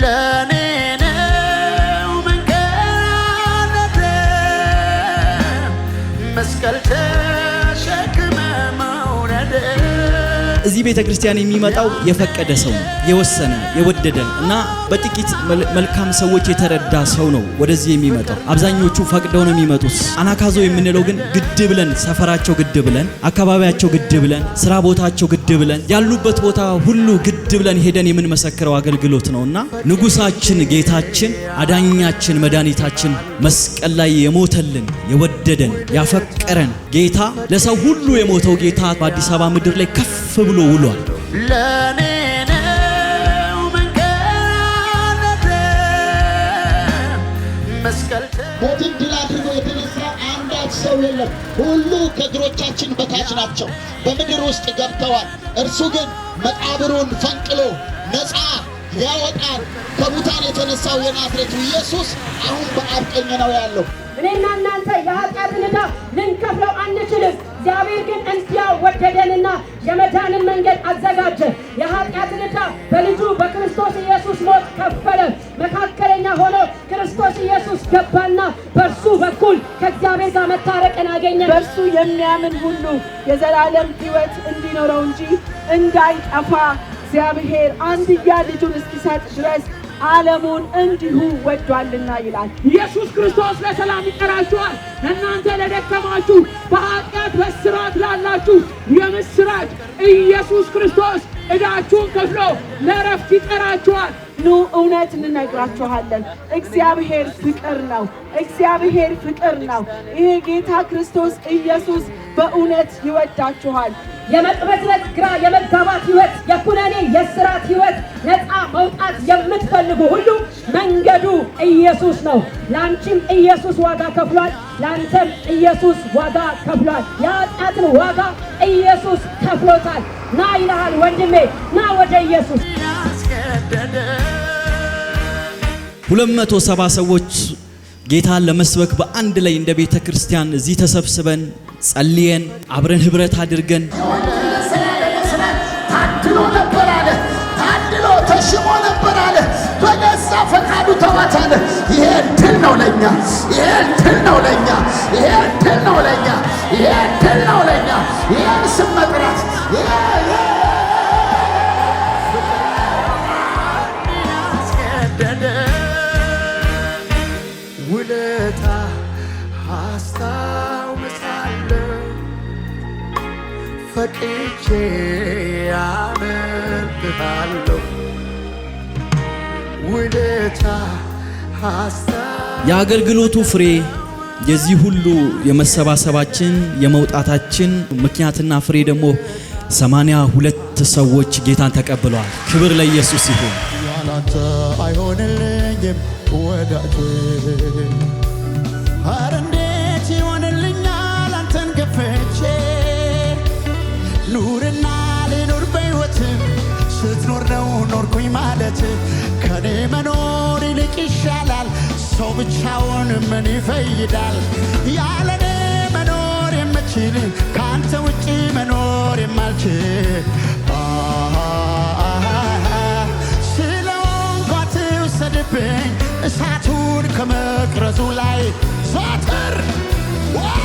ለኔ ነው መንገድ መስቀል ተሸክመ መውረድ እዚህ ቤተ ክርስቲያን የሚመጣው የፈቀደ ሰው ነው፣ የወሰነ የወደደ እና በጥቂት መልካም ሰዎች የተረዳ ሰው ነው ወደዚህ የሚመጣው። አብዛኞቹ ፈቅደው ነው የሚመጡት። አናካዞ የምንለው ግን ግድ ብለን ሰፈራቸው ግድ ብለን አካባቢያቸው ግድ ብለን ስራ ቦታቸው ግድ ብለን ያሉበት ቦታ ሁሉ ግድ ብለን ሄደን የምንመሰክረው አገልግሎት ነውና ንጉሳችን፣ ጌታችን፣ አዳኛችን፣ መድኃኒታችን መስቀል ላይ የሞተልን የወደደን ያፈቀረን ጌታ ለሰው ሁሉ የሞተው ጌታ በአዲስ አበባ ምድር ላይ ከፍ ብሎ ውሎ ውሏል። ለኔ አድርጎ የተነሳ አንዳች ሰው የለም። ሁሉ ከእግሮቻችን በታች ናቸው፣ በምድር ውስጥ ገብተዋል። እርሱ ግን መቃብሩን ፈንቅሎ ነፃ ያወጣል። ከሙታን የተነሳው የናዝሬቱ ኢየሱስ አሁን በአብ ቀኝ ነው ያለው። እኔና እናንተ የኃጢአትን ዕዳ ልንከፍለው አንችልም። እግዚአብሔር ግን እንዲያ ወደደንና የመዳንን መንገድ አዘጋጀ። የኃጢአትን ዕዳ በልጁ በክርስቶስ ኢየሱስ ሞት ከፈለ። መካከለኛ ሆኖ ክርስቶስ ኢየሱስ ገባና በእርሱ በኩል ከእግዚአብሔር ጋር መታረቅን አገኘ። በእርሱ የሚያምን ሁሉ የዘላለም ሕይወት እንዲኖረው እንጂ እንዳይጠፋ እግዚአብሔር አንድያ ልጁን እስኪሰጥ ድረስ ዓለሙን እንዲሁ ወዷልና ይላል። ኢየሱስ ክርስቶስ ለሰላም ይጠራችኋል። እናንተ ለደከማችሁ፣ በኃጢአት በስራት ላላችሁ የምስራች ኢየሱስ ክርስቶስ ዕዳችሁን ከፍሎ ለረፍት ይጠራችኋል። ኑ እውነት እንነግራችኋለን። እግዚአብሔር ፍቅር ነው። እግዚአብሔር ፍቅር ነው። ይሄ ጌታ ክርስቶስ ኢየሱስ በእውነት ይወዳችኋል። የመቅበዝበዝ ግራ የመጋባት ሕይወት፣ የኩነኔ የስራት ሕይወት ኢየሱስ ነው። ለአንቺም ኢየሱስ ዋጋ ከፍሏል። ለአንተም ኢየሱስ ዋጋ ከፍሏል። የኃጢአትን ዋጋ ኢየሱስ ከፍሎታል። ና ይልሃል ወንድሜ፣ ና ወደ ኢየሱስ። ሁለት መቶ ሰባ ሰዎች ጌታን ለመስበክ በአንድ ላይ እንደ ቤተ ክርስቲያን እዚህ ተሰብስበን ጸልየን አብረን ህብረት አድርገን ተዋት አለ። ይሄ ድል ነው ለኛ፣ ይሄ ድል ነው ለኛ፣ ይሄ ድል ነው ለኛ፣ ይሄ ድል ነው ለኛ። ይሄን ስም መጥራት ውለታ አስታውሳለሁ ፈቅቼ አመልካለሁ የአገልግሎቱ ፍሬ የዚህ ሁሉ የመሰባሰባችን የመውጣታችን ምክንያትና ፍሬ ደግሞ ሰማንያ ሁለት ሰዎች ጌታን ተቀብለዋል። ክብር ለኢየሱስ ይሁን። አይሆንልኝም ወዳጄ ይሻላል። ሰው ብቻውን ምን ይፈይዳል? ያለኔ መኖር የምችል ከአንተ ውጭ መኖር የማልችል ስለሆንኳ ትውሰድብኝ እሳቱን ከመቅረዙ ላይ ዞትር